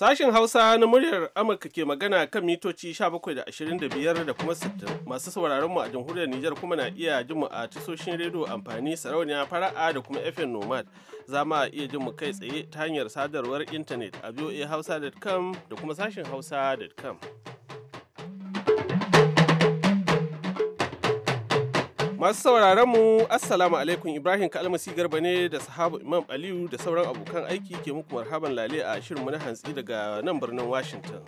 Sashen Hausa na muryar Amurka ke magana kan mitoci 17.25 da kuma 60 masu sauraron mu a jamhuriyar Nijar kuma na iya jin mu a tasoshin rediyo amfani sarauniya fara'a da kuma FM Nomad. Za ma iya jin mu kai tsaye ta hanyar sadarwar intanet a voahausa.com da kuma sashen hausa.com. Masu sauraron mu Assalamu alaikum Ibrahim Kalmasi Garba ne da sahabu Imam Aliyu da sauran abokan aiki ke muku marhaban lale a shirin na hantsi daga nan birnin Washington.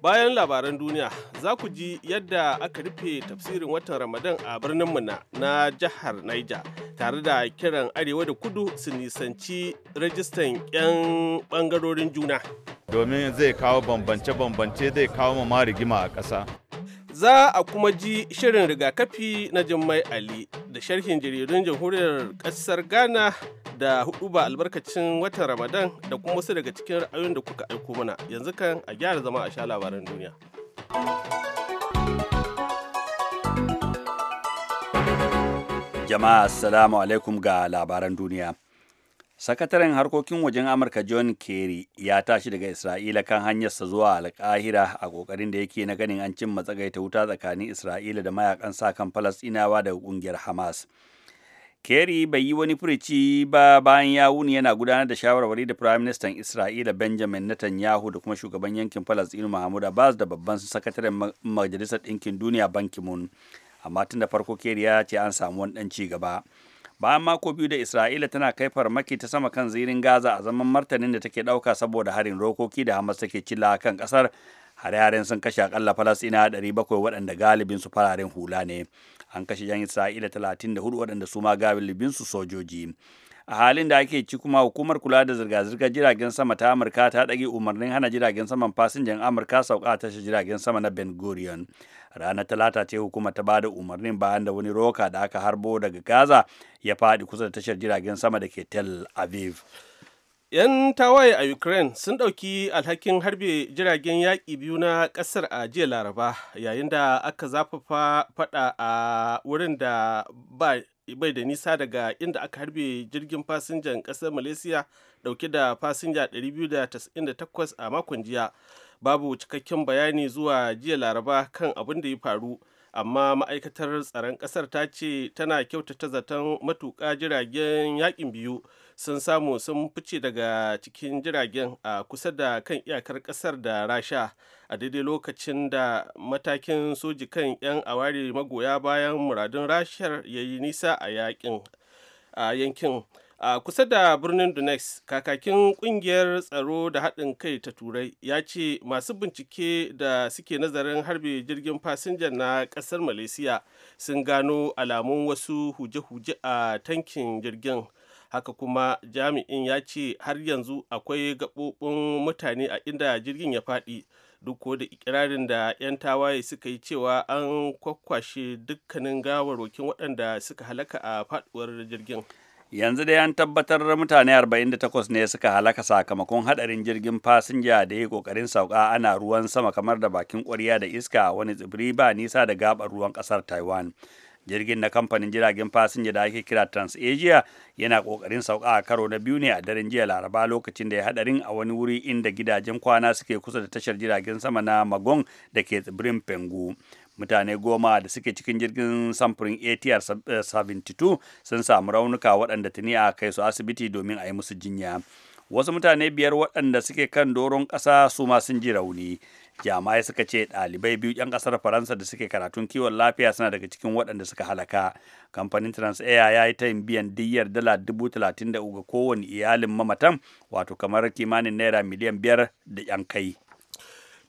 Bayan labaran duniya za ku ji yadda aka rufe tafsirin watan Ramadan a birnin mu na jihar Niger tare da kiran arewa da kudu su nisanci rajistan 'yan bangarorin juna. Domin zai kawo bambance-bambance zai kawo ma rigima a ƙasa. Za a kuma ji shirin rigakafi na Jummai Ali da sharhin jaridun jamhuriyar ƙasar Ghana da ba albarkacin watan Ramadan da kuma wasu daga cikin ra'ayoyin da kuka aiko mana. Yanzu kan a gyara zama a sha labaran duniya. Jama'a assalamu alaikum ga labaran duniya. sakataren harkokin wajen amurka john kerry ya tashi daga isra'ila kan hanyarsa zuwa alkahira a kokarin da yake na ganin an cimma tsagaita wuta tsakanin isra'ila da mayakan sa kan falastinawa daga kungiyar hamas kerry bai yi wani furici ba bayan ya wuni yana gudanar da shawarwari da prime minister isra'ila benjamin netanyahu da kuma shugaban yankin falastinu mahmud abbas da babban sakataren majalisar ɗinkin duniya ban ki amma tun da farko kerry ya ce an samu wani ɗan ci gaba bayan mako biyu da isra'ila tana kai farmaki ta sama kan zirin gaza a zaman martanin da take ɗauka saboda harin rokoki da hamas take cilla kan ƙasar hare-haren sun kashe akalla falasina 700 waɗanda galibin su fararen hula ne an kashe yan isra'ila 34 waɗanda su ma galibin su sojoji a halin da ake ci kuma hukumar kula da zirga-zirgar jiragen sama ta amurka ta ɗage umarnin hana jiragen saman fasinjan amurka sauka tashar jiragen sama na ben gurion ranar talata ce hukuma ta bada umarnin bayan da wani roka da aka harbo daga gaza ya faɗi kusa da tashar jiragen sama da ke tel aviv 'yan tawaye a ukraine sun ɗauki alhakin harbe jiragen yaƙi biyu na ƙasar a jiya laraba yayin da aka zafafa faɗa a wurin da bai da nisa daga inda aka harbe jirgin fasinjan ƙasar malaysia ɗauke da fasinja 298 a makon jiya babu cikakken bayani zuwa jiya laraba kan abin da ya faru amma ma'aikatar tsaron ƙasar ta ce tana kyautata zaton matuƙa jiragen yakin biyu sun samu sun fice daga cikin jiragen a kusa da kan iyakar ƙasar da rasha a daidai lokacin da matakin soji kan 'yan aware magoya bayan muradun rashar ya yi nisa a yakin a yankin a kusa da birnin donetsk kakakin kungiyar tsaro da haɗin kai ta turai ya ce masu bincike da suke nazarin harbe jirgin fasinja na ƙasar malaysia sun gano alamun wasu huje-huje a tankin jirgin haka kuma jami'in ya ce har yanzu akwai gaɓoɓin mutane a inda jirgin ya faɗi duk da ikirarin da 'yan tawaye suka yi cewa an kwakwashe dukkanin gawarwakin waɗanda suka halaka a faɗuwar jirgin yanzu dai an tabbatar da mutane 48 ne suka halaka sakamakon hadarin jirgin fasinja da ya kokarin sauka ana ruwan sama kamar da bakin kwarya da iska wani tsibiri ba nisa da gabar ruwan ƙasar taiwan jirgin na kamfanin jiragen fasinja da ake kira transasia yana kokarin sauka a karo na biyu ne a daren jiya laraba lokacin da ya hadarin a wani wuri inda gidajen kwana suke kusa da tashar jiragen sama na magong da ke tsibirin pengu mutane goma da suke cikin jirgin samfurin atr 72 eh, sun samu raunuka waɗanda tuni a kai su asibiti domin a yi musu jinya wasu mutane biyar waɗanda suke kan doron ƙasa su ma sun ji rauni jami'ai suka ce ɗalibai biyu 'yan ƙasar faransa da suke karatun kiwon lafiya suna daga cikin waɗanda suka halaka kamfanin transair ya yi tayin biyan diyyar dala dubu talatin da uku kowane iyalin mamatan wato kamar kimanin naira miliyan biyar da 'yan kai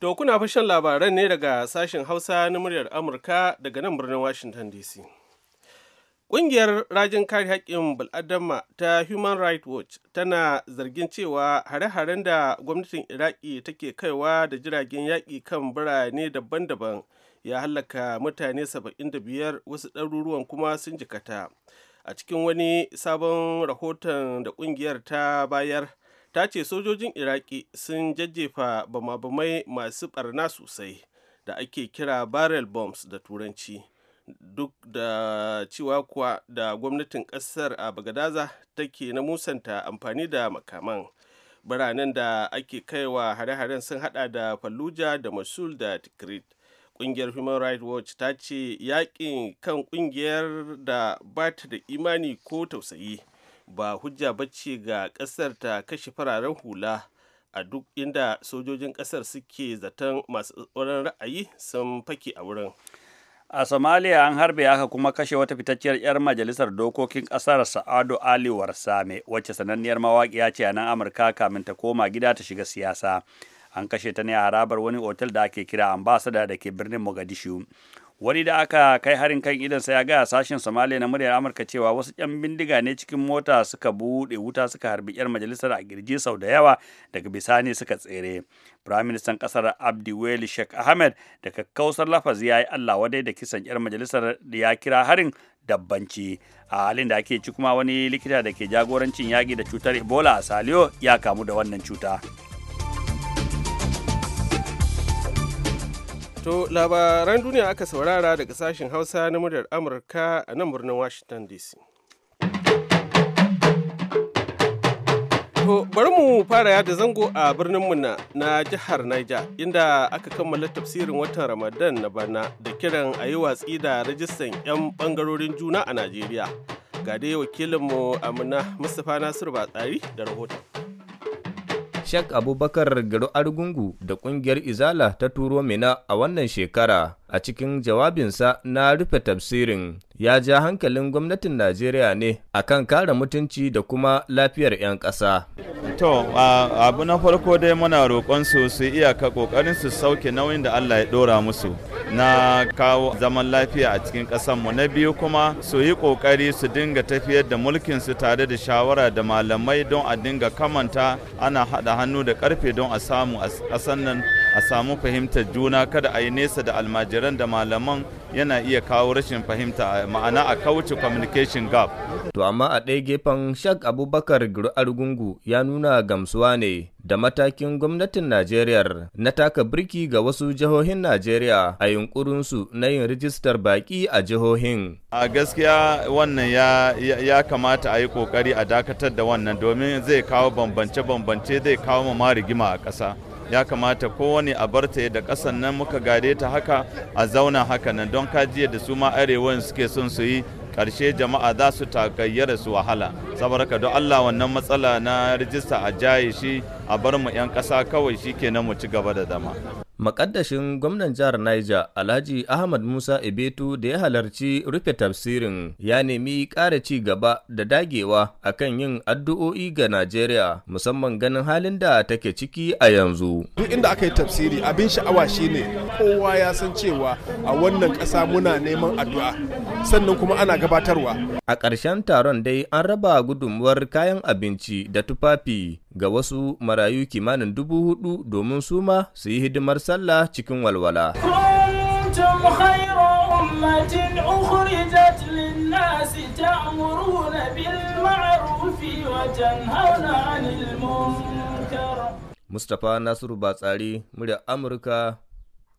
To kuna fi shan labaran ne daga sashen Hausa na muryar Amurka daga nan birnin Washington DC. Ƙungiyar rajin kare haƙƙin bil'adama ta Human Rights Watch tana zargin cewa hare-haren da gwamnatin Iraki take kaiwa da jiragen yaƙi kan birane daban-daban ya hallaka mutane 75 wasu ɗaruruwan kuma sun jikata. A cikin wani sabon rahoton da ƙungiyar ta bayar ta ce sojojin iraki sun jajjefa bama-bamai masu barna sosai da ake kira barrel bombs da turanci duk da cewa kuwa da gwamnatin kasar a bagadaza take na musanta amfani da makaman biranen da ake kaiwa hare-haren sun hada da fallujah da masul da tikrit kungiyar human rights watch ta ce yakin kan kungiyar da bata da imani ko tausayi ba hujja bacci ga ƙasar ta kashe fararen hula a duk inda sojojin ƙasar suke zaton masu tsoron ra'ayi sun fake a wurin a somalia an harbe aka kuma kashe wata fitacciyar 'yar majalisar dokokin ƙasar sa'adu ali warsame wacce sananniyar mawaƙiya ce a nan amurka kamin ta koma gida ta shiga siyasa an kashe ta ne a harabar wani otal da ake kira ambasada da ke birnin mogadishu wani da aka kai harin kan idansa ya gaya sashen somaliya na muryar amurka cewa wasu yan bindiga ne cikin mota suka bude wuta suka harbi yar majalisar a girji sau da yawa daga bisani suka tsere firaministan kasar abdi weli sheikh ahmed da kakkausar lafazi ya yi allah wadai da kisan yar majalisar da ya kira harin dabbanci a halin da ake ci kuma wani likita da ke jagorancin yaki da cutar ebola a saliyo ya kamu da wannan cuta To labaran duniya aka saurara daga sashen Hausa na muryar Amurka a nan birnin Washington DC. To bari mu fara yada zango a birnin mu na jihar Niger inda aka kammala tafsirin watan Ramadan na bana da kiran a yi watsi da rajistan 'yan bangarorin juna a Najeriya. Ga dai wakilinmu Amina Mustapha Nasiru Batsari da rahoton. Sheikh Abubakar Garo Argungu da ƙungiyar Izala ta turo Mina a wannan shekara a cikin jawabinsa na rufe tafsirin ya ja hankalin gwamnatin Najeriya ne a kan kare mutunci da kuma lafiyar 'yan ƙasa. To, abu na farko dai muna roƙon su su iyaka ƙoƙarin su sauke nauyin da Allah ya ɗora musu. na kawo zaman lafiya a cikin mu na biyu kuma su yi ƙoƙari su dinga tafiyar da mulkinsu tare da shawara da malamai don a dinga kamanta ana haɗa hannu da karfe don a samu a ƙasan nan a samu fahimtar juna kada a yi nesa da almajiran da malaman yana iya kawo rashin fahimta ma'ana a kauce communication gap. To amma a ɗaya gefen Shak Abubakar Argungu ya nuna gamsuwa ne da matakin gwamnatin Najeriya na taka birki ga wasu jihohin Najeriya a su na yin rijistar baƙi a jihohin. A gaskiya wannan ya, kamata a yi ƙoƙari a dakatar da wannan domin zai kawo bambance-bambance zai kawo ma rigima a ƙasa. ya kamata kowane a bar ta da ƙasan nan muka gade ta haka a zauna haka nan don kajiya da su ma arewa suke son su yi ƙarshe jama'a za su takayyara su wahala saboda ka don allah wannan matsala na rijista a jaye shi a bar mu 'yan ƙasa kawai shi kenan mu ci gaba da zama Makaddashin gwamnan jihar Niger Alhaji Ahmad Musa Ebetu da ya halarci rufe tafsirin ya nemi ƙara ci gaba da dagewa a kan yin addu'o'i ga Najeriya musamman ganin halin da take ciki a yanzu. Duk inda aka yi tafsiri abin sha'awa shine kowa ya san cewa a wannan ƙasa muna neman addu'a sannan kuma ana gabatarwa. A ƙarshen taron dai an raba gudunmuwar kayan abinci da tufafi ga wasu marayu kimanin dubu hudu domin su ma su yi hidimar sallah cikin walwala. Mustapha nasiru batsari murya Amurka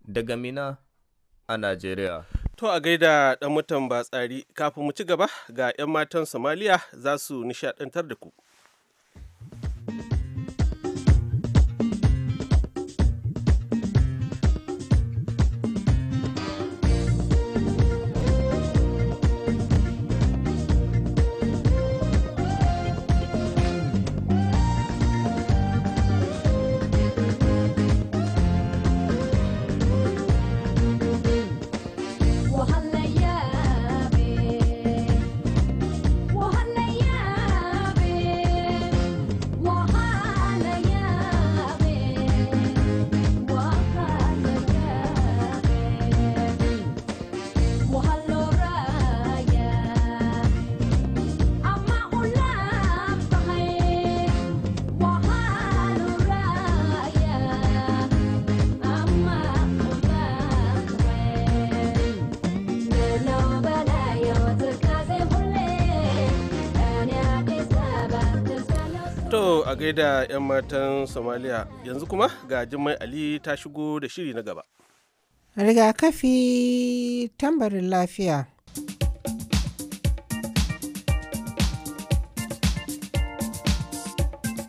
daga Mina a Najeriya. To a gaida ɗan mutan batsari kafin mu ci gaba ga 'yan matan Somaliya za su nishaɗantar da ku. a gaida 'yan matan Somalia yanzu kuma ga Jummai Ali ta shigo da shiri na gaba. Rigakafi tambarin lafiya.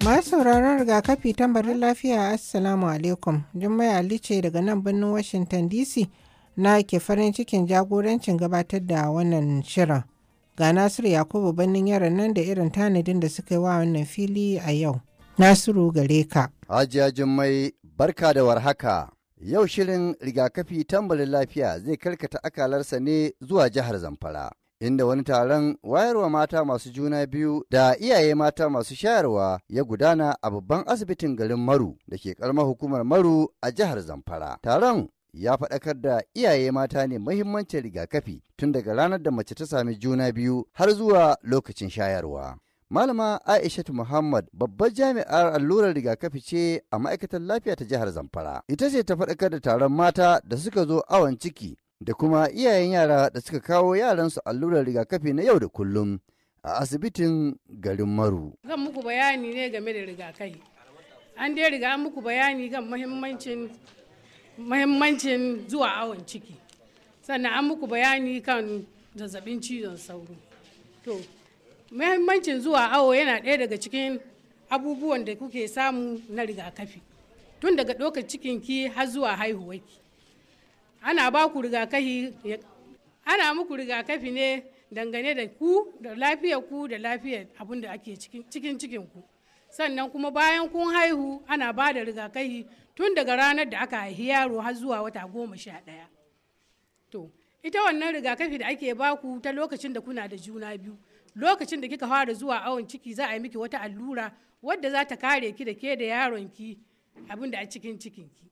Masu sauraron rigakafi tambarin lafiya Assalamu alaikum. Jummai Ali ce daga nan birnin Washington DC na ke farin cikin jagorancin gabatar da wannan shirin. ga Nasiru Yakubu Bannin yaran nan da irin tanadin da suka yi wa wannan fili a yau. Nasiru gare ka. Hajiya Jummai barka da warhaka. Yau shirin rigakafi tambalin lafiya zai karkata akalarsa ne zuwa jihar Zamfara. Inda wani taron wayarwa mata masu juna biyu da iyaye mata masu shayarwa ya gudana a babban asibitin garin Maru da ke karamar hukumar Maru a jihar Zamfara. Taron ya faɗakar da iyaye mata ne mahimmancin rigakafi tun daga ranar da mace ta sami juna biyu har zuwa lokacin shayarwa. Malama Aishatu Muhammad babbar jami'ar allurar rigakafi ce a ma'aikatar lafiya ta jihar Zamfara. Ita ce ta faɗakar da taron mata da suka zo awon ciki da kuma iyayen yara da suka kawo yaransu allurar rigakafi na yau da kullum a asibitin garin Maru. Zan muku bayani ne game da rigakafi. An dai riga muku bayani kan muhimmancin mahimmancin zuwa awon ciki sannan an muku bayani kan zazzabin cizon sauro to mahimmancin zuwa awo yana ɗaya daga cikin abubuwan da kuke samu na rigakafi tun daga ɗaukar cikinki har zuwa haihuwarki ana ba ku rigakafi ana muku rigakafi ne dangane da ku da lafiyar ku da lafiyar abin da ake cikin cikin ku sannan kuma bayan kun haihu ana ba da rigakafi tun daga ranar da aka haihi yaro har zuwa wata goma sha ɗaya to ita wannan rigakafi da ake baku ta lokacin da kuna da juna biyu lokacin da kika fara zuwa awon ciki za a yi miki wata allura wadda za ta kare ki da ke da yaron ki abin da a cikin cikin ki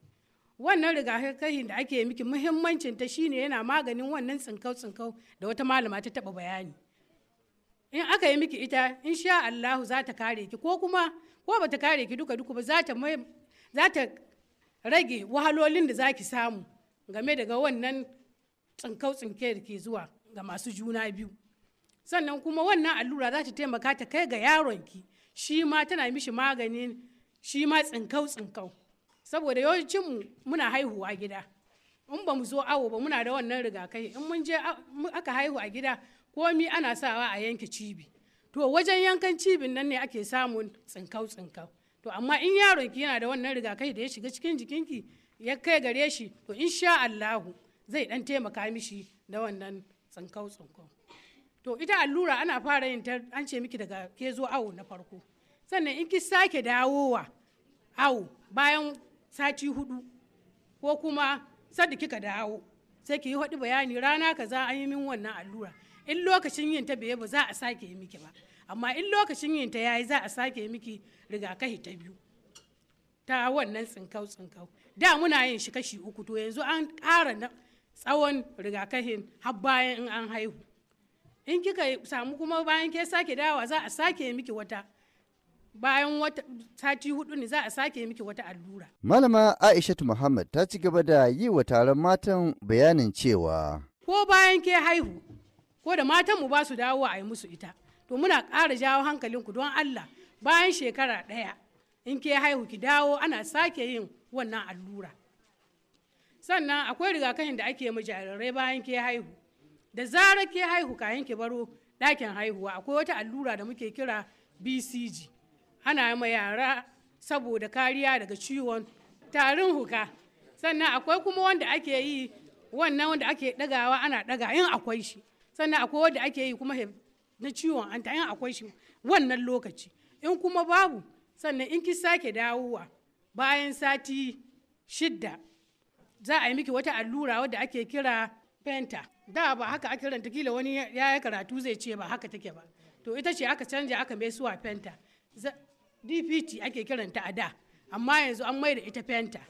wannan rigakafin da ake miki muhimmancin ta shine yana maganin wannan tsinkau tsinkau da wata malama ta taba bayani in aka yi miki ita insha Allahu za ta kare ki ko kuma ko bata kare ki duka duka ba za ta za ta rage wahalolin da za ki samu game daga wannan tsinkau-tsinke da ke zuwa ga masu juna biyu sannan kuma wannan allura za ta taimaka ta kai ga yaronki shi ma tana mishi maganin shi ma tsinkau-tsinkau saboda yawancinmu muna haihuwa gida in ba mu zo awo ba muna da wannan rigakai in mun je aka haihu a gida komi ana sawa a yanke cibi to wajen yankan cibin nan ne ake samun tsinkau-tsinkau to amma in yaron ki yana da wannan rigakafi da ya shiga cikin jikinki ya kai gare shi to insha Allahu zai dan taimaka mishi da wannan tsankau tsankau to ita allura ana fara yin ta an ce miki daga ke zo awo na farko sannan in ki sake dawowa awo bayan sati hudu ko kuma sadda kika dawo sai ki yi hudu bayani rana kaza an yi min wannan allura in lokacin yin ta bai ba za a sake yi miki ba amma in lokacin yin ta yayi za a sake miki rigakafi ta biyu ta wannan tsinkau tsinkau da muna yin shi kashi uku to yanzu an ƙara tsawon rigakafin har bayan in an haihu in kika samu kuma bayan ke sake dawa za a sake miki wata bayan wata sati hudu ne za a sake miki wata allura. Malama Aishatu Muhammad ta ci gaba da yi wa taron matan bayanin cewa. Ko bayan ke haihu, ko da matan mu ba su dawo a yi musu ita. to muna ƙara jawo hankalinku don Allah bayan shekara ɗaya in ke haihu ki dawo ana sake yin wannan allura sannan akwai rigakafin da ake ma jarirai bayan ke haihu da zarar ke haihu kayan ki baro ɗakin haihuwa akwai wata allura da muke kira bcg ana ma yara saboda kariya daga ciwon tarin huka sannan akwai kuma wanda ake yi wannan wanda ake ɗagawa ana ɗaga in akwai shi sannan akwai wanda ake yi kuma na ciwon an in akwai shi wannan lokaci in kuma babu sannan in ki sake dawowa bayan sati shidda za a yi miki wata allura wadda ake kira fenta da ba haka ake ranta kila wani ya yi karatu zai ce ba haka take ba to ita ce aka canja aka mai suwa fenta dpt ake kiranta a da amma yanzu an mai da ita penta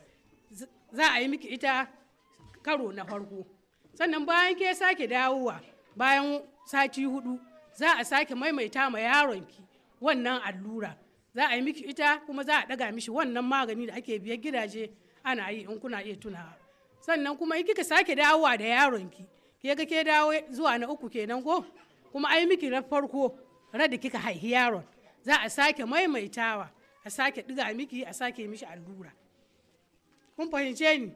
za a yi miki ita karo na farko sannan bayan ke sake dawowa bayan sati hudu za a sake maimaita ma yaronki wannan allura za a yi miki ita kuma za a daga mishi wannan magani da ake biyar gidaje ana yi in kuna iya tunawa sannan kuma in kika sake dawowa da yaronki ke ga ke dawo zuwa na uku kenan ko kuma ai miki na farko rada kika haihi yaron za a sake maimaitawa a sake diga miki a sake mishi allura kun fahimce ni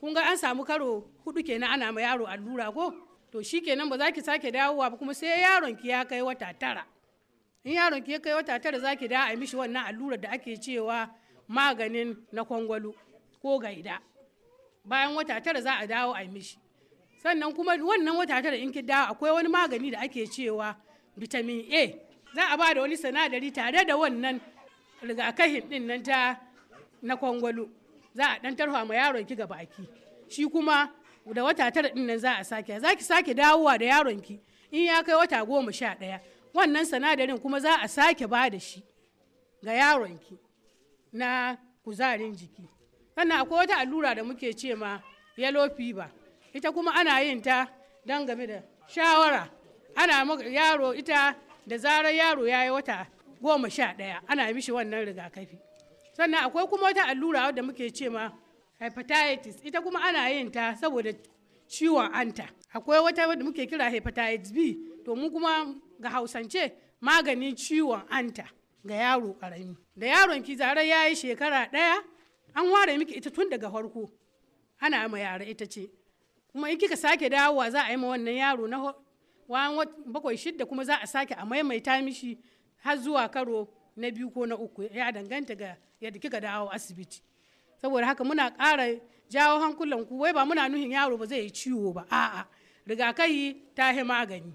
kun ga an samu karo hudu kenan ana ma yaro allura ko to shi kenan ba za ki sake dawowa ba kuma sai yaron ki ya kai wata tara in yaron ki ya kai wata tara za ki da a mishi wannan allurar da ake cewa maganin na kwangwalo ko gaida bayan wata tara za a dawo a mishi sannan kuma wannan wata tara in ki dawo akwai wani magani da ake cewa vitamin a za a ba da wani sinadari tare da wannan rigakafin din nan ta na kwangwalo za a dan tarwa ma yaron ki ga baki shi kuma da wata tara din nan za a sake za ki sake dawowa da yaron ki in ya kai wata goma sha ɗaya wannan sanadarin kuma za a sake ba da shi ga yaronki na kuzarin jiki sannan akwai wata allura da muke ce ma yellow fever ita kuma ana yin ta don game da shawara ana yaro ita da zarar yaro ya yi wata goma sha ɗaya ana mishi wannan rigakafi sannan akwai kuma wata allura wadda muke ce ma hepatitis ita kuma ana yin ta saboda ciwon anta akwai wata wadda muke kira hepatitis b to mu kuma ga hausance maganin ciwon anta ga yaro karami da yaron ki zarar ya yi shekara ɗaya an ware miki ita tun daga farko ana ma yara ita ce kuma in kika sake dawowa za a yi ma wannan yaro na bakwai shidda kuma za a sake a maimaita mishi har zuwa karo na biyu ko na uku ya danganta ga yadda kika dawo asibiti saboda haka muna ƙara jawo hankulan ku wai ba muna nuhin yaro ba zai yi ciwo ba a'a rigakafi ta hi magani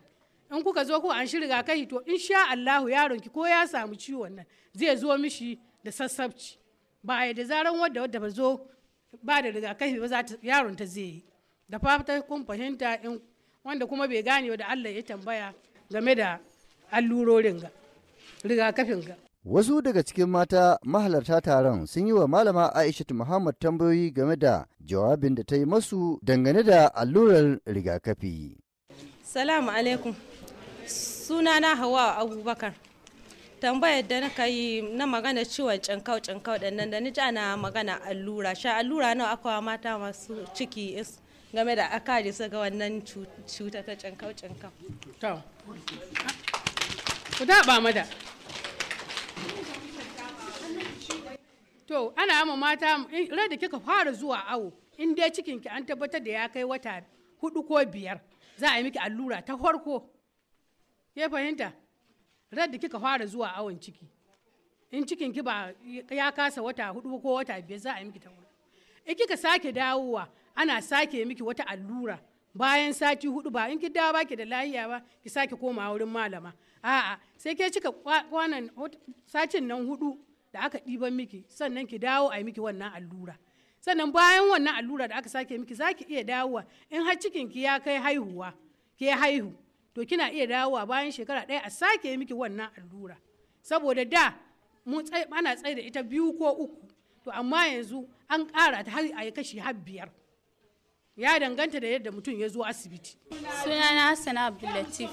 in kuka zo ku an shi rigakafi to in sha Allahu yaron ki ko ya samu ciwon nan zai zo mishi da sassabci ba a da zaran wadda wadda ba zo ba da rigakafi ba za ta yaron ta zai yi da fata kun fahimta in wanda kuma bai gane wa da Allah ya tambaya game da allurorin ga rigakafin ga Wasu daga cikin mata mahalarta taron sun yi wa Malama Aishatu Muhammad tambayoyi game da jawabin da ta yi masu dangane da allurar rigakafi. Salamu alaikum. Sunana Hawa Abubakar. Tambayar da na yi na magana ciwon cinkau cinkau da nan da ni ja na magana allura. Sha allura nawa akwa mata masu ciki game da akari su ga wannan cuta ta cinkau cinkau. To, ana ma mata ran da kika fara zuwa awo, in dai cikinki an tabbatar da ya kai wata hudu ko biyar, za a yi miki allura ta farko. Ya fahimta? Ran da kika fara zuwa awon ciki. In cikinki ba ya kasa wata hudu ko wata biyar za a yi miki ta In kika sake dawowa, ana sake miki wata allura. bayan sati hudu ba in ki dawo ki da lahiya ba ki sake koma wurin malama a'a sai ke cika kwanan sacin nan hudu da aka ɗiban miki sannan ki dawo a yi miki wannan allura sannan bayan wannan allura da aka sake miki za ki iya dawowa in har cikin ki ya kai haihuwa ke haihu to kina iya dawowa bayan shekara ɗaya a sake miki wannan allura saboda da mu ana tsaye da ita biyu ko uku to amma yanzu an ƙara ta har a kashi har biyar ya danganta da yadda mutum ya zo asibiti Suna na hassana abdullatif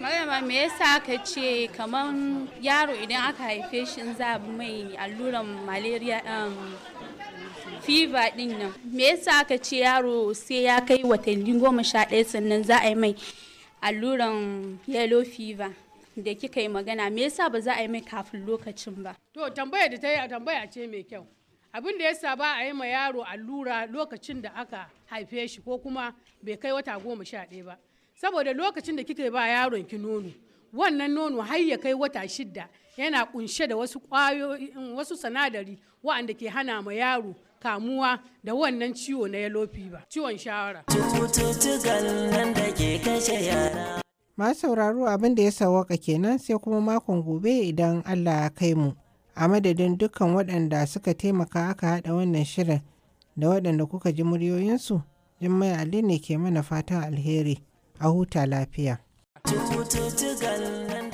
magana me yasa aka ce kamar yaro idan aka haife shi in za mai alluran malaria um, fever din nan me yasa aka ce yaro sai ya kai watanni goma sha ɗaya sannan za a yi mai alluran yellow fever da kika yi magana me yasa ba za a yi mai kafin lokacin ba to tambaya da ta yi a tambaya ce mai kyau abin da yasa ba a yi ma yaro allura lokacin da aka haife shi ko kuma bai kai wata goma sha ɗaya ba saboda lokacin da kike ba yaron ki nono wannan nono har ya kai wata shidda yana kunshe da wasu ƙwayoyin wasu sanadari wa'anda ke hana ma yaro kamuwa da wannan ciwo na yellow fever ciwon shawara masu sauraro abin da ya sawaka kenan sai kuma makon gobe idan allah ya kai mu a madadin dukkan waɗanda suka taimaka aka haɗa wannan shirin da waɗanda kuka ji muryoyinsu jimmai ali ne ke mana fatan alheri a huta lafiya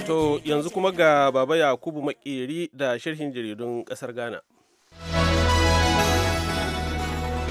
to yanzu kuma ga baba yakubu makeri da sharhin jaridun ƙasar ghana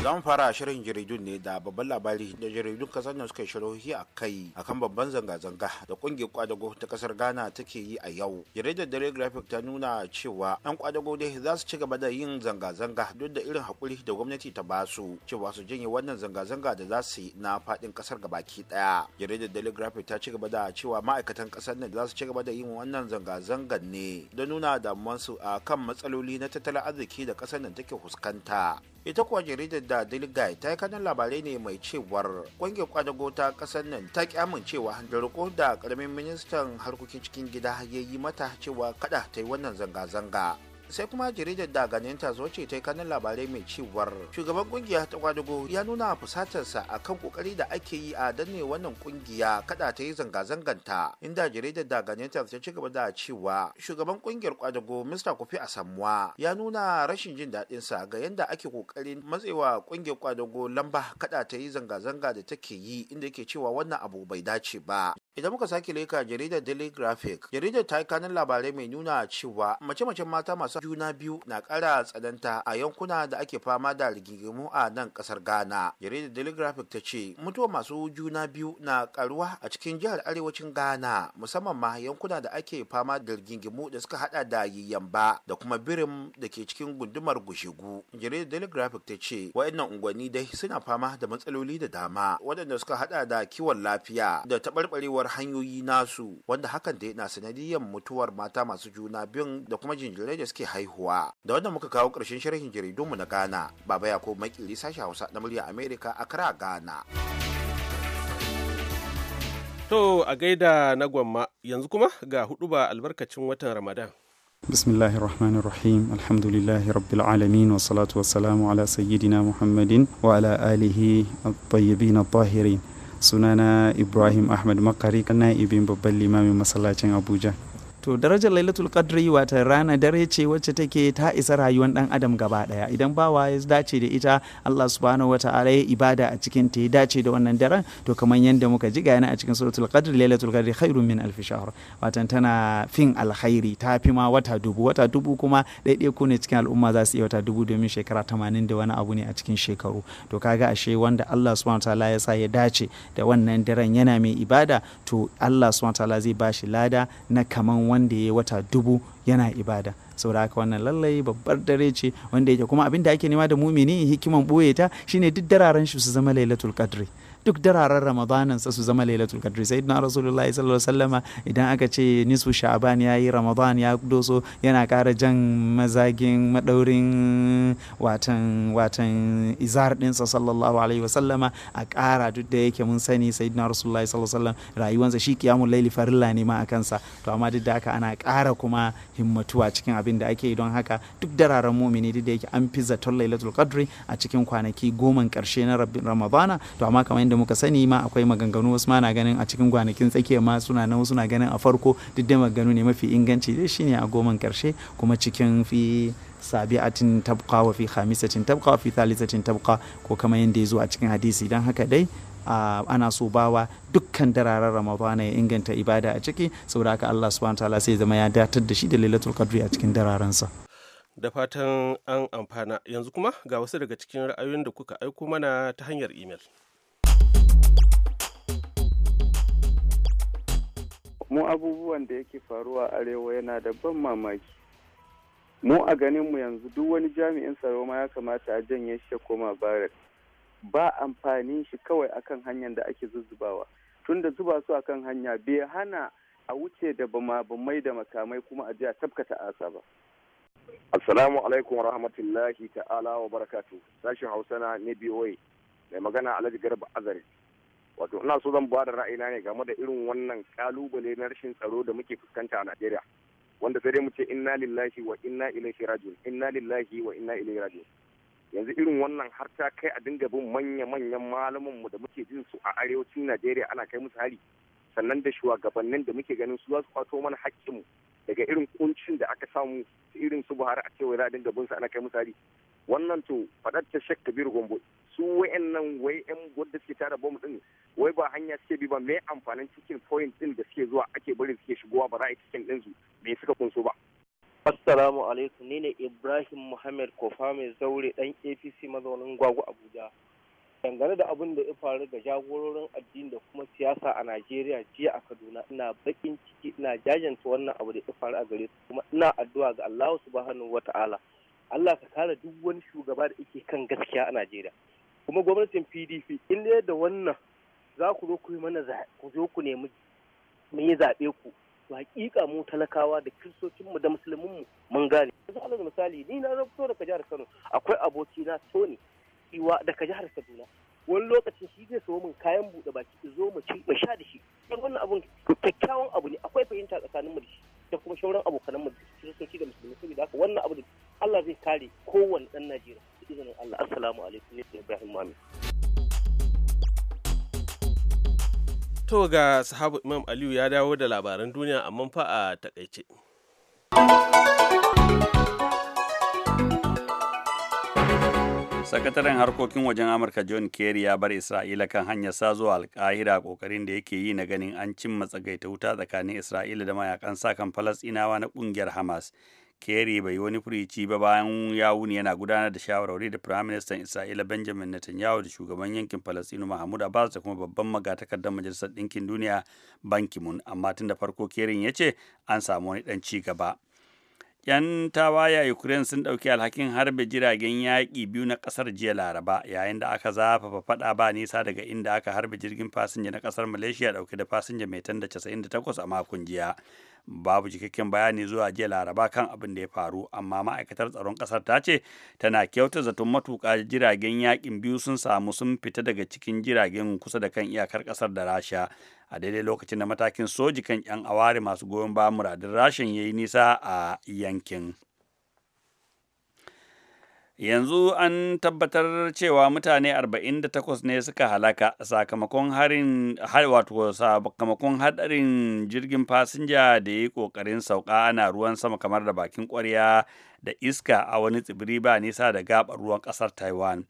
za fara shirin jaridun ne da babban labari da jaridun kasar da suka shirohi a kai akan babban zanga-zanga da kungiyar kwadago ta kasar ghana take yi a yau jaridar dare graphic ta nuna cewa yan kwadago dai za su ci gaba da yin zanga-zanga duk da irin hakuri da gwamnati ta ba su cewa su janye wannan zanga-zanga da za su yi na faɗin kasar gabaki ɗaya jaridar dare graphic ta ci gaba da cewa ma'aikatan kasar nan za su ci gaba da yin wannan zanga zanga ne don nuna damuwansu a kan matsaloli na tattalin arziki da kasar nan take fuskanta ita kuwa jaridar da daily ta yi kanan labarai ne mai cewar ƙungiyar kwadago ta ƙasar nan ta ki amincewa da riko da karamin ministan harkokin cikin gida ya yi mata cewa kada ta yi wannan zanga-zanga sai kuma jaridar da ganin ta zo ce ta kanin labarai mai ciwar shugaban kungiya ta kwadugo ya nuna fusatarsa a kan kokari da ake yi a danne wannan kungiya kada ta yi zanga-zanganta inda jaridar da ganin ta ta ci gaba da cewa shugaban kungiyar kwadugo mr kofi samuwa ya nuna rashin jin daɗinsa ga yadda ake kokarin matsewa kungiyar kwadugo lamba kada ta yi zanga-zanga da take yi inda yake cewa wannan abu bai dace ba idan muka sake leka jaridar daily graphic jaridar ta yi kanin labarai mai nuna cewa mace-macen mata masu juna biyu na kara tsananta a yankuna da ake fama da rigingimu a nan kasar ghana jaridar daily graphic ta ce mutuwa masu juna biyu na karuwa a cikin jihar arewacin ghana musamman ma yankuna da ake fama da rigingimu da suka hada da yiyamba da kuma birim da ke cikin gundumar gushigu jaridar daily graphic ta ce wa'annan unguwanni dai suna fama da matsaloli da dama waɗanda suka hada da kiwon lafiya da taɓarɓarewar toshewar hanyoyi nasu wanda hakan da yana sanadiyyar mutuwar mata masu juna biyun da kuma jinjirai da suke haihuwa da wanda muka kawo karshen sharhin jaridunmu na gana baba ya ko makili sashi hausa na murya america kara ghana to a gaida na gwamma yanzu kuma ga ba albarkacin watan ramadan بسم الله الرحمن الرحيم الحمد لله رب العالمين والصلاة والسلام على سيدنا محمد وعلى آله الطيبين الطاهرين sunana ibrahim ahmad makari na'ibin babban limamin masallacin abuja to darajar lailatul qadri wata rana dare ce wacce take ta isa rayuwar dan adam gaba daya idan bawa ya dace da ita Allah subhanahu wataala ya ibada a cikin ta ya dace da wannan daren to kamar yadda muka ji gani a cikin suratul qadri lailatul qadri khairun min alf shahr watan tana fin alkhairi ta fi ma wata dubu wata dubu kuma daidai ku ne cikin al'umma za su iya wata dubu domin shekara 80 da wani abu ne a cikin shekaru to kaga ashe wanda Allah subhanahu wataala ya sa ya dace da wannan daren yana mai ibada to Allah subhanahu wataala zai bashi lada na kaman wanda ya yi wata dubu yana ibada saboda haka wannan lallai babbar dare ce wanda yake kuma abin da ake nema da mumini hikiman ɓoye ta shine duk dararen shi su zama lailatul qadri duk dararen ramadanin su zama lailatul qadr na rasulullahi sallallahu alaihi wasallama idan aka ce nisu sha'ban yayi ramadan ya doso yana ƙara jan mazagin madaurin watan watan izar din sa sallallahu alaihi wasallama a ƙara duk da yake mun sani sayyidina rasulullahi sallallahu alaihi wasallam rayuwansa shi kiyamul laili farilla ne ma a kansa to amma duk da haka ana ƙara kuma himmatuwa cikin abin da ake yi don haka duk dararen mumini duk da yake an fi zaton lailatul qadri a cikin kwanaki goman ƙarshe na ramadana to amma kamar da muka sani ma akwai maganganu wasu ma na ganin a cikin gwanakin tsakiya ma suna nan suna ganin a farko duk da maganganu ne mafi inganci dai shine a goman karshe kuma cikin fi sabi'atin tabqa wa fi khamisatin tabqa wa fi thalithatin tabqa ko kamar yanda ya zo a cikin hadisi dan haka dai ana so bawa dukkan dararen ramadana ya inganta ibada a ciki saboda haka Allah subhanahu ta'ala sai zama ya datar da shi da lailatul qadri a cikin dararensa da fatan an amfana yanzu kuma ga wasu daga cikin ra'ayoyin da kuka aiko mana ta hanyar imel. mu abubuwan da yake faruwa arewa yana da ban mamaki mu a ganin mu yanzu duk wani jami'in tsaro ma ya kamata a janye shi ya koma barak ba amfani shi kawai akan hanyar da ake zuzzubawa tunda zuba su akan hanya bai hana a wuce da bama mai da makamai kuma a ji a tabkata asa ba assalamu alaikum rahmatullahi ta'ala wa barakatu sashen hausa na ne mai magana alhaji garba azari wato ina so zan bada ra'ayina ne game da irin wannan kalubale na rashin tsaro da muke fuskanta a Najeriya wanda sai dai mu ce inna lillahi wa inna ilaihi raji'un inna lillahi wa inna ilaihi raji'un yanzu irin wannan har ta kai a dinga bin manya manyan malaman mu da muke jin su a arewacin Najeriya ana kai musu hari sannan da shugabannin da muke ganin su za su kwato mana haƙƙinmu daga irin kuncin da aka samu irin su Buhari a cewa za dinga bin su ana kai musu hari wannan to faɗar ta shek kabir gombo su wayannan wai yan wadda suke tara bom din wai ba hanya suke bi ba me amfanin cikin point din da suke zuwa ake bari suke shigowa ba ra'ayi cikin din su me suka kunso ba assalamu alaikum ni ne ibrahim muhammad kofa mai zaure dan apc mazaunin gwagu abuja dangane da abin da ya faru ga jagororin addini da kuma siyasa a najeriya jiya a kaduna ina bakin ciki ina jajanta wannan abu da ya faru a gare su kuma ina addu'a ga allahu subhanahu wataala Allah ka kare duk wani shugaba da yake kan gaskiya a Najeriya kuma gwamnatin PDP in dai da wannan za ku zo ku yi mana ku zo ku nemi mu yi zaɓe ku to hakika mu talakawa da kiristocin mu da musulmin mu mun gane yanzu misali ni na fito daga jihar Kano akwai aboki na Tony Iwa daga jihar Kaduna wani lokacin shi zai sayo min kayan buɗe baki zo mu ci mu sha da shi wannan abun kyakkyawan abu ne akwai fahimta tsakanin mu da shi da kuma shauran abokan mu kiristoci da musulmi saboda haka wannan abu da Allah zai kare kowanne dan Najeriya izinin Allah assalamu alaikum ne Ibrahim Mamin To ga sahabu Imam Aliyu ya dawo da labaran duniya amma fa a takaice. sakataren harkokin wajen amurka john kerry ya bar isra'ila kan hanyar sa zuwa alkahira kokarin da yake yi na ganin an cimma matsagaita wuta tsakanin isra'ila da mayakan sa sakan falasɗinawa na kungiyar hamas kerry bai wani furici ba bayan ya wuni yana gudanar da shawarwari da firaministan isra'ila benjamin netanyahu da shugaban yankin falasinu mahmud abbas da kuma babban magatakardar majalisar ɗinkin duniya banki mun amma tun da farko kerin ya ce an samu wani dan ci gaba 'yan tawaya ukraine sun ɗauki alhakin harbe jiragen yaƙi biyu na ƙasar jiya laraba yayin da aka zafafa faɗa ba nisa daga inda aka harbe jirgin fasinja na ƙasar malaysia ɗauke da fasinja mai tanda 98 a makon jiya babu cikakken bayani zuwa jiya laraba kan abin da ya faru amma ma'aikatar tsaron kasar ta ce tana kyauta zaton matuƙa jiragen yakin biyu sun samu sun fita daga cikin jiragen kusa da kan iyakar kasar da rasha a daidai lokacin da matakin soji kan 'yan aware masu goyon bayan muradin rashin ya yi nisa a yankin. yanzu an tabbatar cewa mutane 48 ne suka halaka sakamakon harin wato sakamakon hadarin jirgin fasinja da ya yi kokarin sauka ana ruwan sama kamar da bakin kwarya da iska a wani tsibiri ba nisa da gabar ruwan kasar taiwan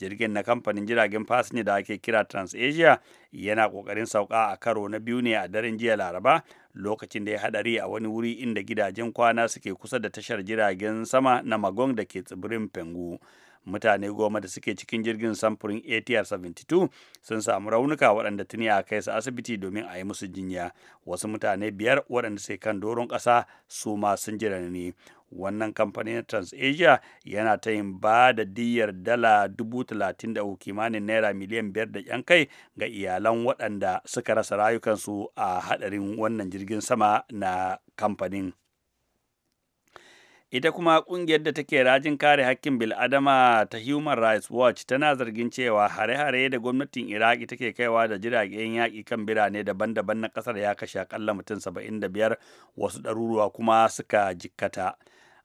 jirgin na kamfanin jiragen fasinja da ake kira transasia yana kokarin sauka a karo na biyu ne a daren jiya laraba lokacin da ya hadari a wani wuri inda gidajen kwana suke kusa da tashar jiragen sama na magong da ke tsibirin pengu mutane goma da suke cikin jirgin samfurin atr 72 sun samu raunuka waɗanda tuni a kai su asibiti domin a yi musu jinya wasu mutane biyar waɗanda sai kan doron ƙasa su ma sun ji wannan kamfanin transasia yana ta yin ba da diyar dala dubu talatin da kimanin naira miliyan biyar da yan kai ga iyalan waɗanda suka rasa rayukansu a haɗarin wannan jirgin sama na kamfanin ita kuma kungiyar da take rajin kare hakkin bil'adama ta human rights watch tana zargin cewa hare-hare da gwamnatin iraki take kaiwa da jiragen yaƙi kan birane daban-daban na ƙasar ya kashe aƙalla mutum 75 wasu ɗaruruwa kuma suka jikkata.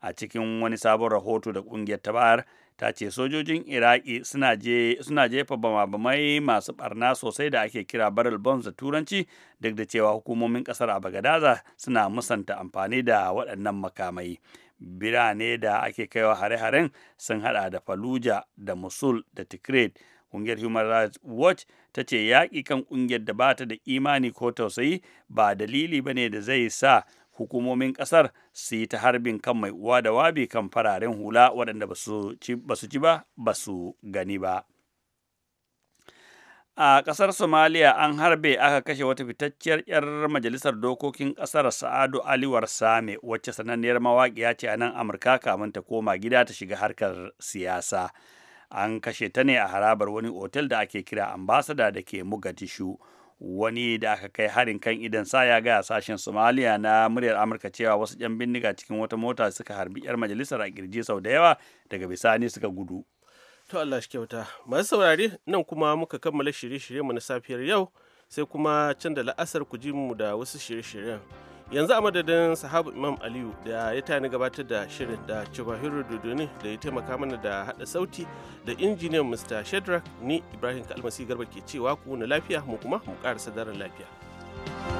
a cikin wani sabon rahoto da kungiyar ta ta ce sojojin iraki suna jefa bama-bamai masu barna sosai da ake kira barrel bombs da turanci duk da cewa hukumomin kasar a bagadaza suna musanta amfani da waɗannan makamai birane da ake kaiwa hare-haren sun hada da fallujah da musul da tikrit kungiyar human rights watch ta ce yaƙi kan kungiyar da bata da imani ko tausayi ba dalili ba ne da zai sa hukumomin kasar su yi ta harbin kan mai uwa da wabi kan fararen hula waɗanda ba su ci ba ba su gani ba a ƙasar somaliya an harbe aka kashe wata fitacciyar 'yar majalisar dokokin ƙasar sa'adu aliwar same wacce sananniyar mawaƙiya ce a nan amurka kamun ta koma gida ta shiga harkar siyasa an kashe ta ne a harabar wani otel da ake kira ambasada da ke mugatishu. wani da aka kai harin kan idan sa ya gaya sashen somaliya na muryar amurka cewa wasu yan bindiga cikin wata mota suka harbi yar majalisar a kirji sau da yawa daga bisani suka gudu to allah shi kyauta masu saurare nan kuma muka kammala shirye-shirye mu na safiyar yau sai kuma can da la'asar ku ji mu da wasu shirye-shiryen yanzu a madadin sahabu imam aliyu da ya tani gabatar da shirin da cibahiru dodoni da ya taimaka mana da hada sauti da injiniyan mr shedrack ni ibrahim kalmasi garba ke cewa ku na lafiya mu kuma mu karasa daren lafiya